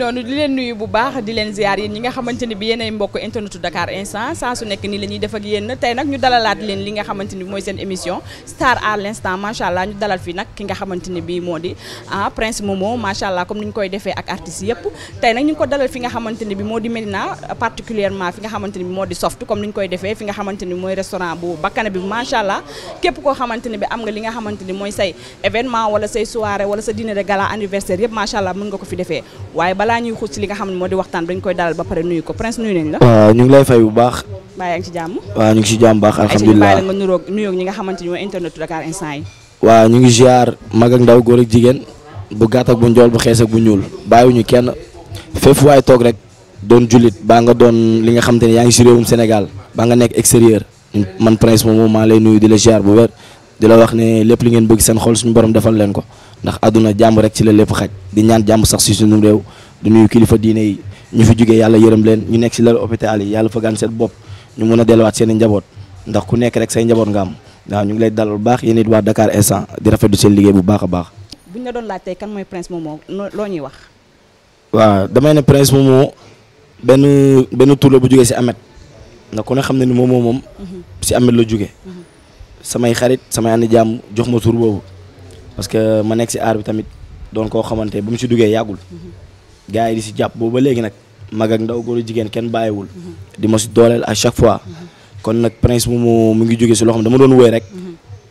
noonu di leen nuyu bu baax di leen ziar yéen ñi nga xamante ni bi yéen ay mbokk internetu Dakar instant saa su nekk nii la ñuy def tey nag ñu dalalaat leen li nga xamante bi mooy seen émission star à l'instant macha allah ñu dalal fi nag ki nga xamante bi moo di ah koy defee ak artistes yëpp ko dalal nga xamante ni bi moo di ah, Médina particulièrement fi nga xamante ni bi moo di soft comme ni ñu koy defee fi nga xamante ni bi mooy restaurant bu bakkana bi macha allah képp koo xamante ni bi am nga li nga xamante ni mooy say événement wala say soirée wala sa dîner de gala anniversaire yëpp macha allah mën nga ko fi defee balaa ñuy xuus ci li nga xam ne moo waxtaan dañ koy dalal ba pare nuyu ko prince nuyu nañ la. waaw ñu ngi lay fay bu baax. bàyyi ngi ci jàmm. waaw ñu ngi ci jàmm baax alhamdulilah bàyyi la nga nuroog nuyoog ñi nga xamante ni mooy internet Dakar instant yi. waaw ñu ngi ziar mag ak ndaw góor ak jigéen bu gàtt ak bu njool bu xees ak bu ñuul bàyyiwuñu kenn fépp waaye toog rek doon julit baa nga doon li nga xamante ne yaa ngi si réewum nga nekk extérieur man prince moom maa lay nuyu di la ziar bu wér di la wax ne lépp li ngeen bëgg seen xol suñu borom defal leen ko ndax àdduna jàmm rek ci la lépp xaj di ñaan jàmm sax si suñu réew du nuyu kilifa diine yi ñu fi jugee yàlla yërëm leen ñu nekk si lal hôpital yi yàlla fagaan seen bopp ñu mun a delluwaat seen i njaboot ndax ku nekk rek say njaboot nga am waaw ñu ngi lay dalal bu baax yéen it waa Dakar instant di rafetlu seen liggéey bu baax baax. bu ñu la doon laaj tey kan mooy Prince Momo loo ñuy wax. waa damay ne Prince Momo benn benn tur la bu jugee si Ameth ndax ku ne xam ne ni Momo moom. Mhm. si Ameth la jugee. Mhm. samay xarit samay ànd jox ma boobu parce que ma nekk si aar bi tamit doon koo xamante ba mu si duggee yàggul. Mhm. gars yi di si jàpp boobu ba mag ak ndaw góor jigen ken bayiwul di ma ci dolel à chaque fois. kon nak prince momo mu ngi jóge ci loo xam dama don woy rek.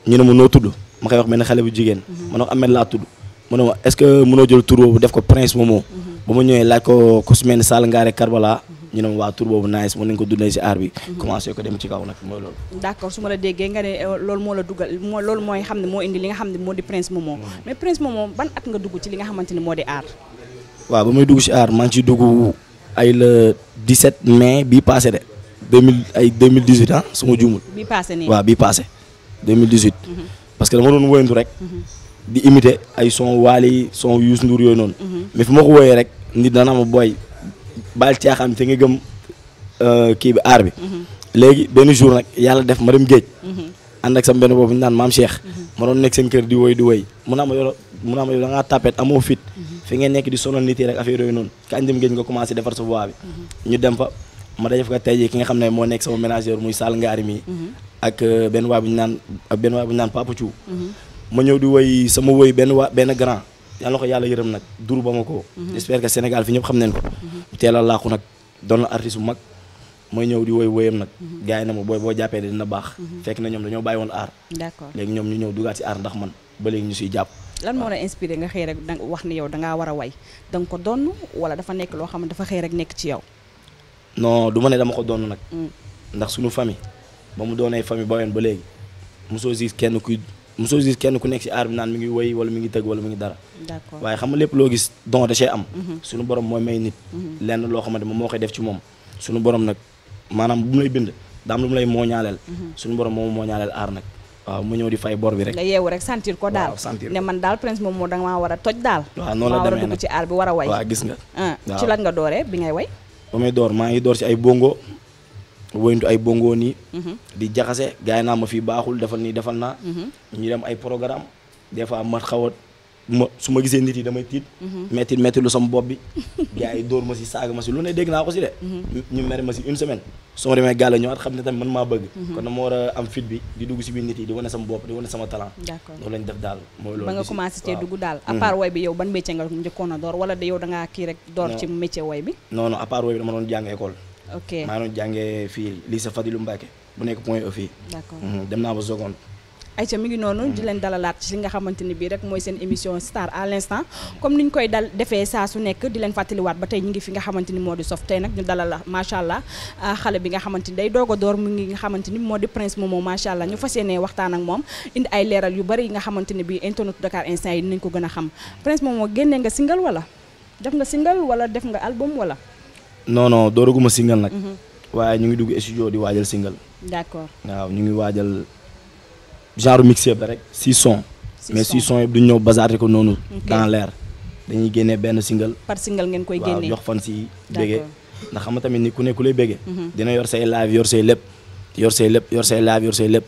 ñu ne mo no tuddu ma koy wax benn xale bu jigen ma ne amel la tuddu tudd. mu est-ce que mënoo jël tur boobu def ko prince Momo. bama ma ñëwee laaj ko ku sal mel Karbala. ñu ne ma waa tur boobu nice mo nañu ko dundé ci aar bi. commencé ko dem ci kaw nak mooy lool d'accord suma la déggé nga ne eh, loolu moo la duggal moo loolu mooy xam ne indi li nga xamné ne di prince Momo. mais prince Momo ban at nga dugg ci li nga xamante ne moo di aar waaw ba may dugg ci aar maa ngi ciy dugg ay le 17 mai bi passé de 2000 ay 2018 ah suma ma bi passé nii waaw bi passé 2018. Mhm. parce que dama doon woyantu rek. Mhm. di imiter ay son Waly son Youssou Ndour yooyu noonu. Mhm. mais fi ma ko wooyee rek nit dana ma booy baal caaxaan te nga gëm euh, kii bi aar bi. léegi benn jour nag yàlla def ma dem géej. ànd ak sam benn boobu ñu naan maam Cheikh mhm. ma doon nekk seen kër di woy di woy mu naa ma yow mu naa ma amoo fit mhm. fi ngeen nekk di sonal nit yi rek affaire yooyu noonu ka andim géej nga commencé defar sa voix bi mhm. ñu dem fa ma dajef ko tey jii ki nga xam ne moo nekk sama ménagère muy Sall Ngaari mii ak euh, benn waay ñu naan ak benn waay bu ñu naan Papa Thiou ma ñëw di woy sama woy benn waa benn grand yàlla na ko yàlla yërëm nag dur ma ko j'espère que Sénégal fi ñëpp xam neen ko teel a laaku nag na artiste bu mag mooy ñëw di woy woyam nag mhm. gaa yi na ma booy boo jàppee dina baax mhm. fekk na ñoom dañoo bàyyi woon aar d'accord léegi ñoom ñu ñëw dugaat si aar ndax man ba léegi ñu siy jàpp lan moo la inspiré nga rek danga wax ni yow dangaa war a way da nga ko donn wala dafa nekk loo xam ne dafa xëy rek nekk ci yow non du ma ne dama ko donn nag mm. ndax suñu famille ba mu doonee famille bawen ba léegi mosoo kenn kuy mosoo kenn ku nekk si aar bi naan mi ngi wala mi ngi tëgg wala mi ngi dara d'accord waaye xam nga lépp loo gis don da mhm. borom mooy may nit lenn loo xamante moom moo koy def ci moom suñu borom nag maanaam bu mu lay bind daam lu mu lay mooñaaleel mhm. suñu borom moom mooñaaleel aar nag waaw mu ñëw di fay bor bi rek nga yeewu rek sentir ko daal ne man daal prince moom moo da maa a toj daal waaw noonu a dugg ci aar bi war a way waaw gis nga ah, ci lan nga dooree bi ngay way ba may door maa ngi door ci ay bongo woyntu ay bongo nii mhm. di jaxase gars yi naa ma fii baaxul defal nii defal naa mhm. ñu dem ay programme des fois ma a ma su ma gisee nit yi damay tiit. Mhm. metti metti lu sama bopp bi. gars yi dóor ma si saaga ma si lu ne dégg naa ko si de. Mhm. ñu mere ma si une semaine. su ma demee gàll ñëwaat xam ne tamit man maa bëgg. Mhm. kon dama war a am fit bi di dugg si biir nit yi di wane sama bopp di wane sama talent. d'accord loolu a kii rek. door ci métier way bi. non non à part bi dama doon jàng école. maa doon jàngee fii lycée Fadilou Mbacké bu nekk point E fii. d'accord ayca mi ngi noonu di leen dalalaat ci li nga xamante ni bii rek mooy seen émission star à l'instant comme niñ koy dal defee saa su nekk di leen fàttaliwaat ba tey ñu ngi fi nga xamante ni moo di sof tey nag ñu dalal macha allah ah, xale bi nga xamante ni day doog a door mu ngi nga xamante ni moo di prince momo macha allah ñu fas yéenee waxtaan ak moom indi ay leeral yu bari yi nga xamante ni bii internet Dakar instant yi dinañ ko gën a xam prince momo génnee nga single wala def nga single wala def nga album wala non non dooraguma single nag mhm. waaye ñu ngi dugg studio di waajal single d'accord waaw ñu ngi waajal genre mix avec rek six sons. mais 6 sons sont du ñëw dans l'air single. par single ngeen koy génnee waaw Ils fan si bégee. ndax tamit ni mhm. say live yor say say say live say mhm.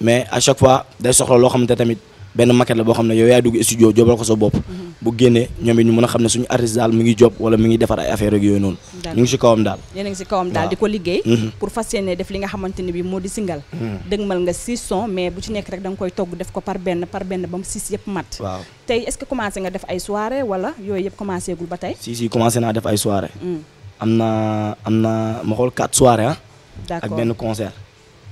mais à chaque fois ils ont fait ben maquette la bo xamne yow ya dug studio jobal ko so bop mhm. bu génnee ñom ñu mëna xamne suñu artiste dal mi ngi job wala mi ngi défar ay affaire ak yoy non ñu ngi si kawam dal yéen ngi ci kawam dal diko ko liggéey mhm. pour fas def li nga xamanteni bi modi di singal mhm. dëgmal nga 600 mais bu ci nek rek dang koy togg def ko par ben par ben bam 6 yépp mat tay est-ce que commencé nga def ay soirée wala yoy yépp commencé gul batay si si commencé na def ay soirée mm. amna amna am na ma xool quatre soirée ah. ak ben concert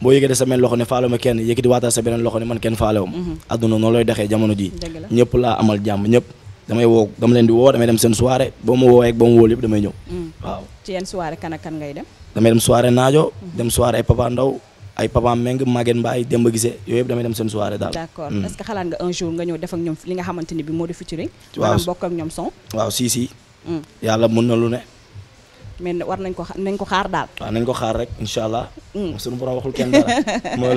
boo yëkkati sa benn loxo ne faale ma kenn yëkkati waatal sa beneen loxo ne man kenn faale wam mhm. adduna noonu lay doxee jamono ji ñëpp laa amal jàmm ñëpp damay woo damay dem seen soirée boo ma woowee ak boo ma wóolu yëpp damay ñëw mhm. waaw ci yenn soirée kan ngay dem damay dem soirée naajo mhm. dem soirée ay papa ndaw ay papa meng Maguette Mbaye Demba Gisé yooyu yëpp damay dem seen soirée daal d'accord que xalaat nga un jour nga ñëw def ñoom li nga xamante ni bi moo di featuring maanaam bokk waaw si yàlla mën na lu ne mais war nañ ko nañ ko xaar daal waaw nañ ko xaar rek incha allah mm. suñu borom waxul kenn dara mooy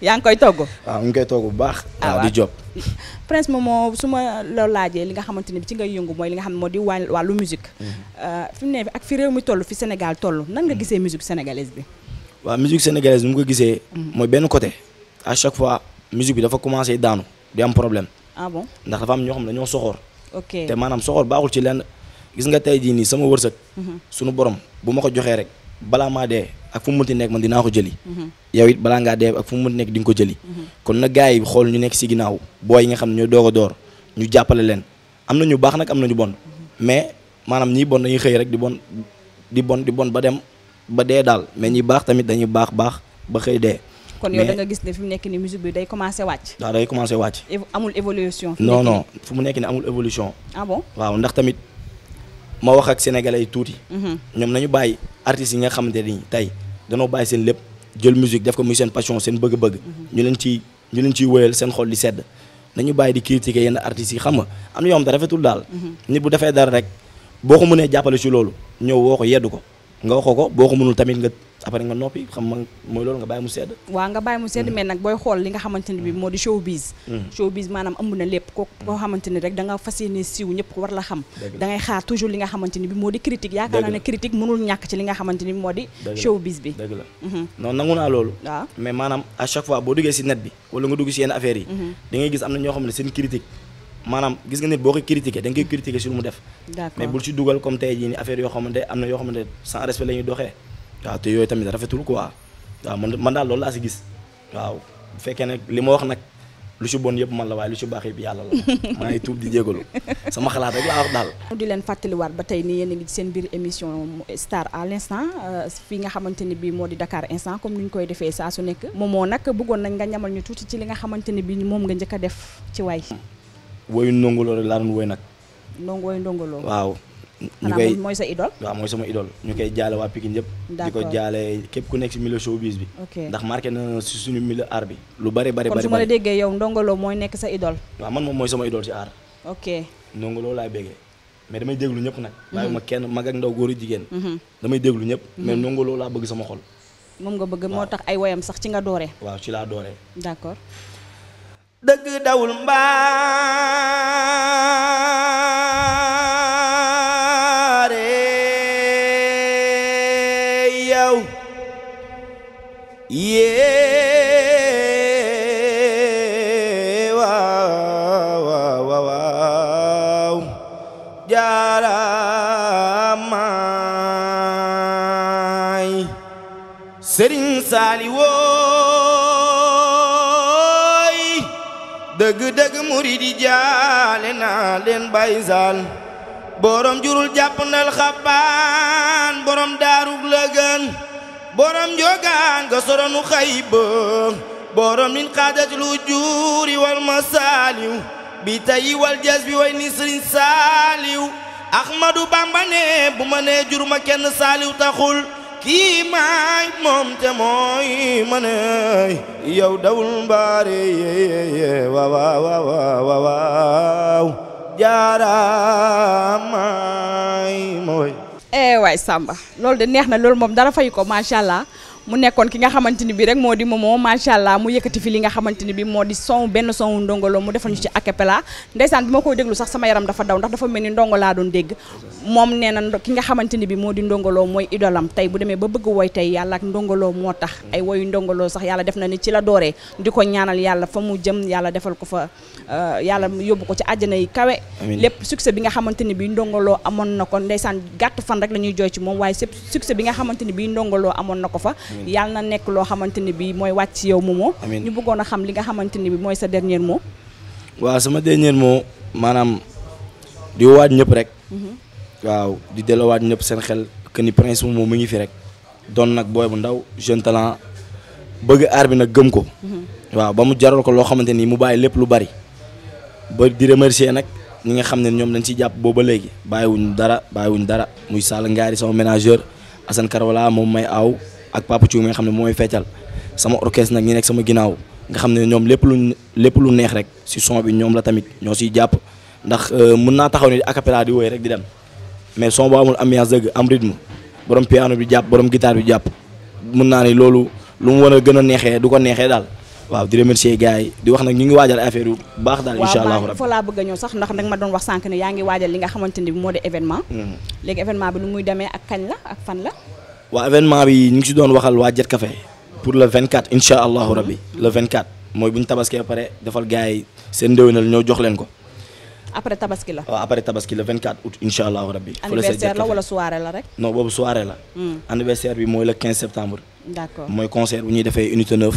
yaa ngi koy togg waaw mu koy togg bu baax ah, waaw di job prince moom moo su ma loolu laajee li nga xamante ne bi ci ngay yëngu mooy li nga xam ne moo di wàllu musique mm-hmm. euh, fi mu ne ak fi réew mi toll fi Sénégal toll nan nga mm-hmm. gisee musique sénégalaise bi waaw musique sénégalaise bi mu nga gisee mm-hmm. mooy benn côté à chaque fois musique bi dafa commencé daanu di am problème ah bon ndax dafa am ñoo gis nga tey jii nii sama wërsëg. Mhm. sunu borom bu ma ko joxee rek balaa maa dee ak fu mu mënti nekk ko jëli. Mhm. yow it balaa ngaa dee ak fu nekk di ko jëli. Mhm. kon na gars yi xool ñu nekk si ginnaaw booy yi nga xam ne ñoo doog a door ñu jàppale leen am na ñu baax nag am na ñu bon mais maanaam ñii bon dañuy xëy rek di bon di bon di ba dem ba dee daal mais ñi baax tamit dañuy baax baax ba xëy dee. kon yow da nga gis ne fi mu nekk ni musique bi day commencé wàcc. waaw day commencé wàcc. amul évolution. non non fu mu nekk ni amul évolution. Ah ma wax ak sénégalais yi tuuti. Mhm. ñoom nañu bàyyi artistes yi nga xamante ni tey danoo bàyyi seen lépp jël musique def ko muy seen passion seen bëgg-bëgg. Mhm. ñu leen ciy ñu leen ciy wéyal seen xol di sedd nañu bàyyi di critiquer yenn artistes yi xam nga am na yoo xam te rafetul daal. Mhm. nit bu defee dara rek boo ko mënee jàppale si loolu ñëw woo ko yeddu ko. nga waxoo ko boo ko mënul tamit nga après nga noppi xam mooy loolu nga bàyyi mu sedd waaw nga bàyyi mu sedd mm-hmm. mais nag booy xool li nga xamante bi moo di critique yaakaar naa critique mënul ñàkk ci li nga xamante bi moo di showbiz bi dëgg mm-hmm. nangu naa loolu waaw mais maanaam à chaque fois boo duggee si net bi wala nga dugg si yenn affaires yi mm-hmm. da gis am na ñoo xam ne seen critique maanaam gis nga nit boo koy critiquer da nga koy critiquer si lu mu def. mais bul ci dugal comme tey jii nii affaire yoo xamante am na yoo xamante ne sans respect la ñuy doxee. waaw te yooyu tamit rafetul quoi waaw man daal loolu laa si gis waaw bu fekkee nag li ma wax nag lu ci bon yëpp man la waaye lu ci baax yëpp yàlla la maa ngi tuub di jégalu sama xalaat rek laa di leen fàttaliwaat ba tey ni yéen a seen biir émission Star à l'instant euh, fii nga xamante ni bii moo di Dakar instant comme ni ñu koy defee saa su nekk. moom moo nag bëggoon nañ nga ñamal ñu tuuti ci li nga xamante ni bii moom nga njëkk def ci waay. woyu ndongoloo rek laa doon woy nag. ndongo woyu ndongoloo. waaw. ñu koy mooy sa idole. ñu koy jaale waa Pikine yëpp. di ko jaale képp nekk si milieu bi. ndax marqué na si suñu milieu lu bari bari bari kon su ma la mooy nekk sa idole. waaw man moom mooy sama idole si art. ok ndongoloo mais damay déglu ñëpp nag. Mhm. waaye ma kenn mag ak ndaw góor ak jigéen. Mhm. damay déglu ñëpp. Mhm. mais ndongoloo laa bëgg sama xol. moom nga bëgg moo tax ay woyam sax ci nga dooree. waaw ci laa dooree. d'accord. dëgg dawul mbaare yow yee waaw waaw waaw jaaramaay Serigne Saliou muridi jaale naa leen bàyyi saal borom jurul jàppandal xabbaan borom daarug lëgën borom njogaan ga xayba borom min xaadat lu juuri wal masaaliw bi tayi wal jas bi way ni sëriñ saaliw ahmadu bamba ne bu ma nee jur ma kenn saaliw taxul kii maay moom te mooy man yow dawul mbaare yee waaw waaw waaw waaw jaaraamaay mooy. eh waay Samba loolu de neex na loolu moom dara fay ko macha allah. mu nekkoon ki nga xamante ni bi rek moo di Momo macha allah mu yëkkati fi li nga xamante ni bi moo di son benn son Ndongo Lo mu defal ñu ci acapella ndeysaan bi sax sama yaram dafa daw ndax dafa mel ni ndongo laa doon dégg moom nee na ki nga xamante ni bi moo di Ndongo mooy idolam tey bu demee ba bëgg woy tey yàlla ak Ndongo moo tax ay woyu Ndongo sax yàlla def na ni ci la dooree di ko ñaanal yàlla fa mu jëm yàlla defal ko fa euh, yàlla yóbbu ko ci àjjana yi kawe lépp succès bi nga xamante ni bi Ndongo amoon na ko ndeysaan gàtt fan rek la ñuy jooy ci moom waaye succès bi nga xamante ni bi Ndongo Lo amoon na ko fa yal na nekk loo xamante ni bi mooy wàcc yow Momo ñu bëggoon a xam li nga xamante ni bi mooy sa dernier mot waaw sama dernier mot maanaam di ñëpp rek mhm. waaw di delluwaat ñëpp seen xel que ni Prince Momo mu fi rek doon nag booy bu ndaw jeune talent bëgg aar bi gëm ko mhm. ba mu jaral ko loo xamante ni mu bàyyi lépp lu bari ba di remercier nag ñi nga xam ne ñoom dañ ciy jàpp booba léegi bàyyiwuñ dara bàyyiwuñ dara muy Sall Ngaari sama ménageur moom may aw ak Papa Thiou mi nga xam ne mooy feccal sama orchestre nag ñi nekk sama ginnaaw nga xam ne ñoom lépp lu lépp lu neex rek si son bi ñoom la tamit ñoo siy jàpp ndax euh, mën naa taxaw ni a cappella rek di dem mais son bu amul ambiance dëgg am rythme borom piano bi jàpp borom guitare bi jàpp mën naa ni loolu lu mu war a a neexee du ko neexee daal waaw di remercier gars yi wax nag ñu ngi waajal affaire baax daal incha allahu rabbi fa laa bëgg sax ndax nag ma doon wax sànq ne yaa ngi waajal li nga xamante ni bi moo di événement mm-hmm. léegi événement bi lu muy demee ak kañ la ak fan la wa événement bi ñu doon waxal Jet Café pour le 24 inshallah allahu rabbi le 24 moy buñ tabaski après defal gaay sen seen ñoo jox leen ko. après tabaski la. waaw après tabaski le 24 août inshallah allahu rabbi. anniversaire la wala soirée la rek. non bobu soirée la. Hmm. anniversaire bi moy le 15 septembre. D'accord. moy concert bu ñuy defee unité 9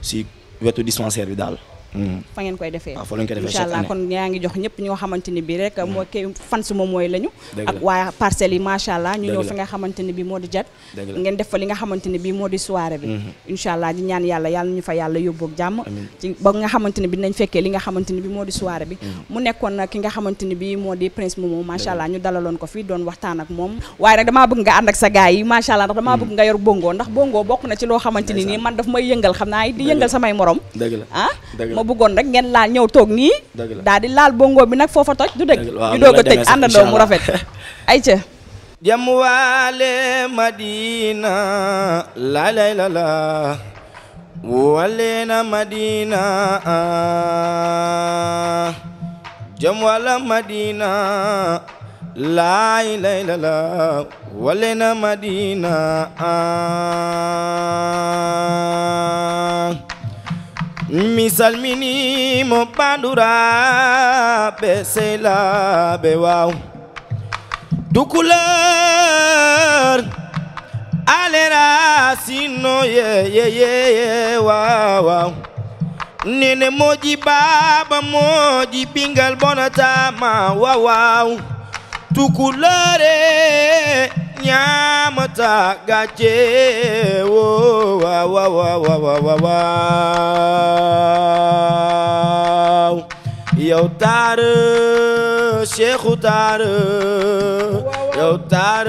si wetu dispensaire bi dal. Mm. fa ngeen koy defee ah, incha allah kon yaa ngi jox ñëpp ñoo xamante ni bi rek mm. moo kay fan su ma mooy lañu ak waa parcelles yi macha ñu ñëw fi nga xamante bi moo di jat ngeen def fa li nga xamante bi moo soirée bi mm-hmm. incha allah di ñaan yàlla yàlla ñu fa yàlla yóbbu ak jàmm ci ba nga xamante bi nañ fekkee li nga xamante bi moo di soirée bi mm. mu nekkoon ki nga xamante bi moo di prince momo, macha allah ñu dalaloon ko fii doon waxtaan ak moom waaye nag damaa bëgg nga ànd ak sa gaay yi macha ndax damaa bëgg nga yor bongo ndax bongo bokk na ci loo xamante ni nii man daf may yëngal xam di yëngal samay morom ah ma bëggoon rek ngeen laal ñëw toog nii daal laal bongo bi nag foofa toj du dëgg ñu doog a tëj àndandoo rafet ay ca jam waale madina la lay la la lay la wale na madina mi salminimo banduraɓe sehlaɓe waw dukuleur alera sinno yeyeyeye wawaw nene moƴi baaba moƴi ɓingal bonatama wawaw tukulere ñaamata gàcce woo waaw waaw waaw waaw yow taar Seexu taar yow taar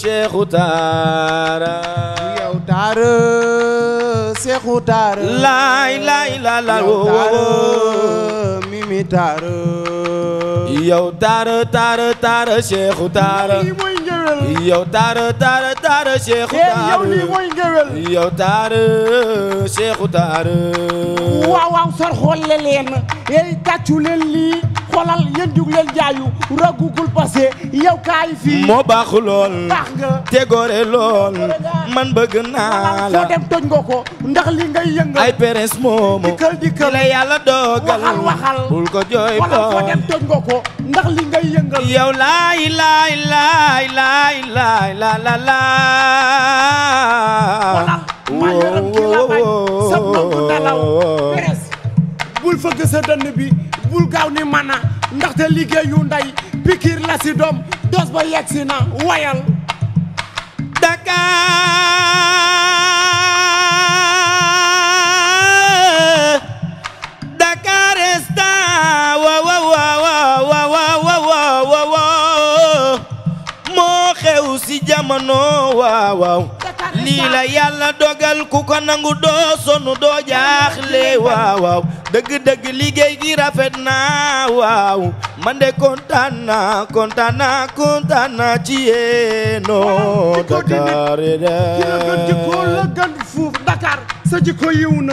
Seexu taar yow taar Seexu taar laay laay la la woo woo Mimi taar yow taar taar taar Seexu taar ngéwél yow taara taara taara Cheikh Taara yow lii mooy ngéwél yow taara Cheikh Taara waaw waaw sor xolle leen yéen tàccu leen xolal yéen jug len jaayu ragugul passé yow kay fi mo bax lool te gore lool man beug na la dem toj nga ndax li ngay yëngal ay peres momo dikal dikal la yalla dogal waxal waxal bul ko joy ko foo dem toj nga ndax li ngay yëngal yow laay laay laay laay laay la la la maa yërëm ki la bañ sa nangu nelaw peres bul fëgg sa dënn bi bul gaaw ni mana ndaxte liggéeyu ndey pikir la si doom dos ba yegsi na wayal Dakar Dakar está wa wa wa wa wa wa wa moo xew si jamono waaw waaw lii la yàlla dogal ku ko nangu doo sonu doo jaaxle waaw waaw deug deug liggey gi rafetna waw man de kontana na kontaan na kontaan na ci yéenoo Dakar la gan fuuf Dakar sa jikko yiw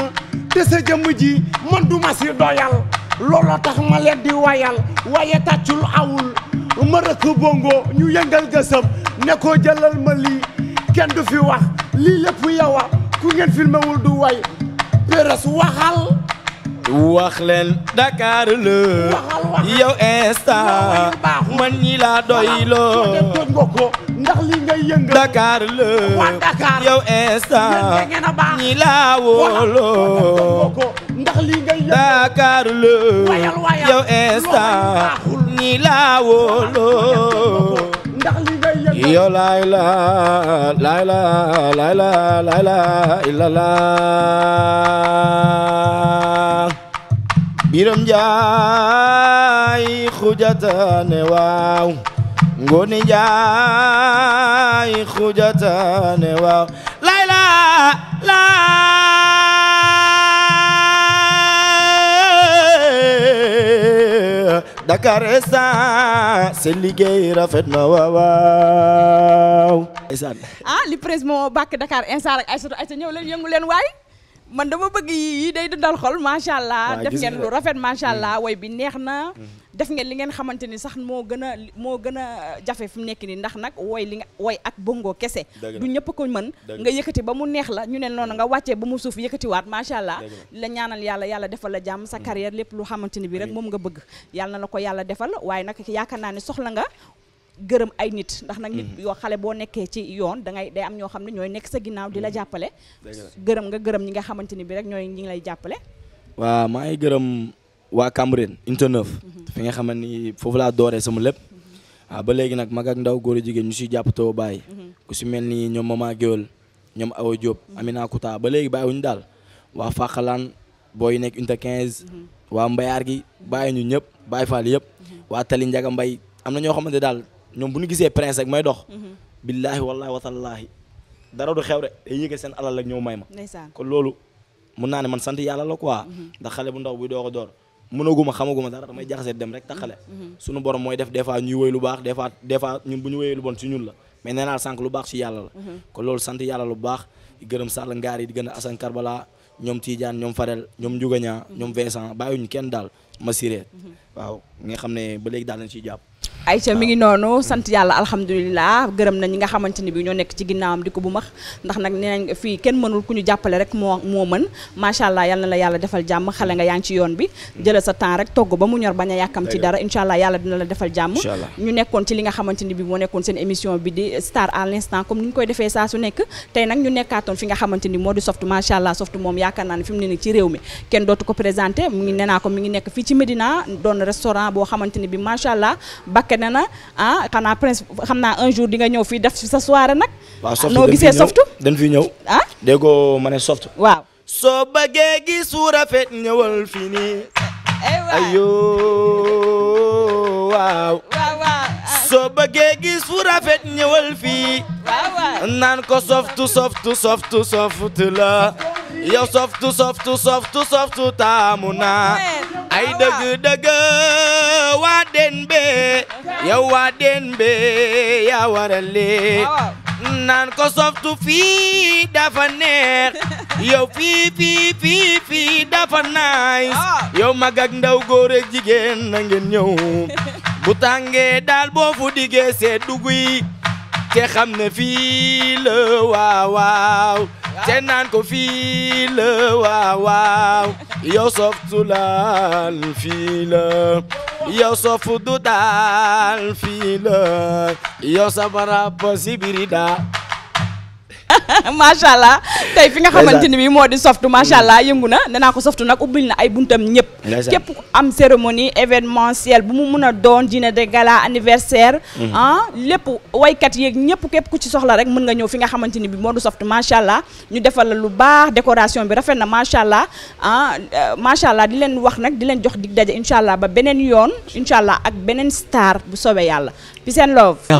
te sa jëmm ji man du ma si doyal lolo tax ma le di wayal waaye tàccul awul ma rëkk bongo ñu yëngal gësam ne ko jëlal ma li kenn du fi wax li lepp yawa ku ngeen filmewul du way peras waxal wax leen Dakar le yow insta man ñi laa doyloo ndax li ngay yëngal Dakar le yow insta ñi laa wóoloo ndax la laay la laay la laay la illallah biram njaay xujataane waaw ngoone njaay xujataane waaw lay la la Dakar instant seen liggéey rafet na waaw waaw. ah li presse moo bàkk Dakar instant rek Aïssatou Aïssatou ñëw leen yëngu leen waay. man dama bëgg yi day dundal xol macha allah def ngeen lu rafet macha allah mm. woy bi neex na mm-hmm. def ngeen li ngeen xamante ni sax moo gën a moo gën a jafe fu mu nekk nii ndax nag woy li nga ak bongo kese du ñëpp ko mën nga yëkkati ba mu neex la ñu ne noonu nga wàccee ba mu suuf yëkkatiwaat macha allah la ñaanal yàlla yàlla defal la jàmm sa mm. carrière lépp lu xamante ni bi rek moom nga bëgg yàlla na la ko yàlla defal waaye nag yaakaar naa ne soxla nga gërëm ay nit ndax nag nit mm-hmm. xale boo nekkee ci yoon da ngay day am ñoo xam ne ñooy nekk sa ginnaaw di la mm-hmm. jàppale gërëm nga gërëm ñi nga xamante ni bi rek ñooy ñi ngi lay jàppale waaw maa ngi gërëm waa Cambérène unité neuf mm-hmm. fi nga xam ni foofu laa dooree sama lépp waaw ah, ba léegi nag mag ak ndaw góor a jigéen ñu siy jàppatoo bàyyi ku si mel ni ñoom Mama Géwël ñoom Awa Diop Amina ba waa Mbayaar gi bàyyi ñu ñëpp bàyyi faal yëpp waa Tali Njaga Mbay am na ñoo xamante daal ñoom bu ñu gisee prince ak may dox. Mhm. billaahi wallaahi watallaahi dara du xew de day yëge seen alal ak ñëw may ma. kon loolu mun naa ne man sant yàlla la quoi. Mhm. ndax xale bu ndaw buy doog a door mënaguma xamaguma dara damay jaxase dem rek taxale. Mhm. suñu borom mooy def des fois ñuy woy lu baax des fois bu ñu woyee lu bon ci ñun la mais nee naa sànq lu baax ci yàlla la. kon gërëm Sall ngaar yi di gën a Assane Karbala ñoom Tidiane ñoom Farel ñoom Ndiouga Niang ñoom Vincent bàyyiwuñu kenn daal ma siree waaw nga xam ne ba nga xamante ni ñor bañ a yàkkam ci dara incha yàlla dina la defal jàmm ñu nekkoon ci li nga xamante ni bi moo nekkoon seen émission bi di star à l'instant comme ni ñu koy defee saa su nekk tey nag ñu nekkaatoon fi nga xamante moo di soft macha soft moom yaakaar naa ne fi ne ni ci réew mi kenn dootu ko présenté mu ngi nekk fii ci Médina doon restaurant bo xamanteni bi machallah bakke na na ah xana prince xamna un jour di nga ñew fi def sa soirée nak no softu ah, noo softu dañ fi ñew ah déggoo mané ne softu waaw. so bëggee gis wu rafet ñewal fi ni ayoo waaw. soo bëggee gis wu rafet ñëwal fii. nan eh, ko softu softu softu softu la. Yo softu softu softu softu tamuna. ay dëgg dëgg waa den be yow waa den be yaa waral lee naan ko softu fii dafa neex yow fii fii fii fii dafa naay yow mag ndaw góor ak jigéen na ngeen ñëw daal boo fu diggee seet dugg te xam ne fii la waaw waaw te naan ko fii la waaw waaw yow soof tu laal fii la yow soof du daal fii la yow sa barab si biri daal macha allah tey fi nga xamante ni bi moo di softu macha allah mm. yëngu na nee naa ko softu nag ubbil na ay buntam ñëpp képp am cérémonie événementielle bu mu mun a doon dîner de gala anniversaire mm-hmm. ah lépp waykat yeeg ñëpp képp ku ci soxla rek mën nga ñëw fi nga xamante ni bi moo di softu macha allah ñu defal la lu baax décoration bi rafet na macha allah ah euh, macha allah di leen wax nag di leen jox dig daje incha allah ba beneen yoon incha allah ak beneen star bu soobee yàlla peace and love. Par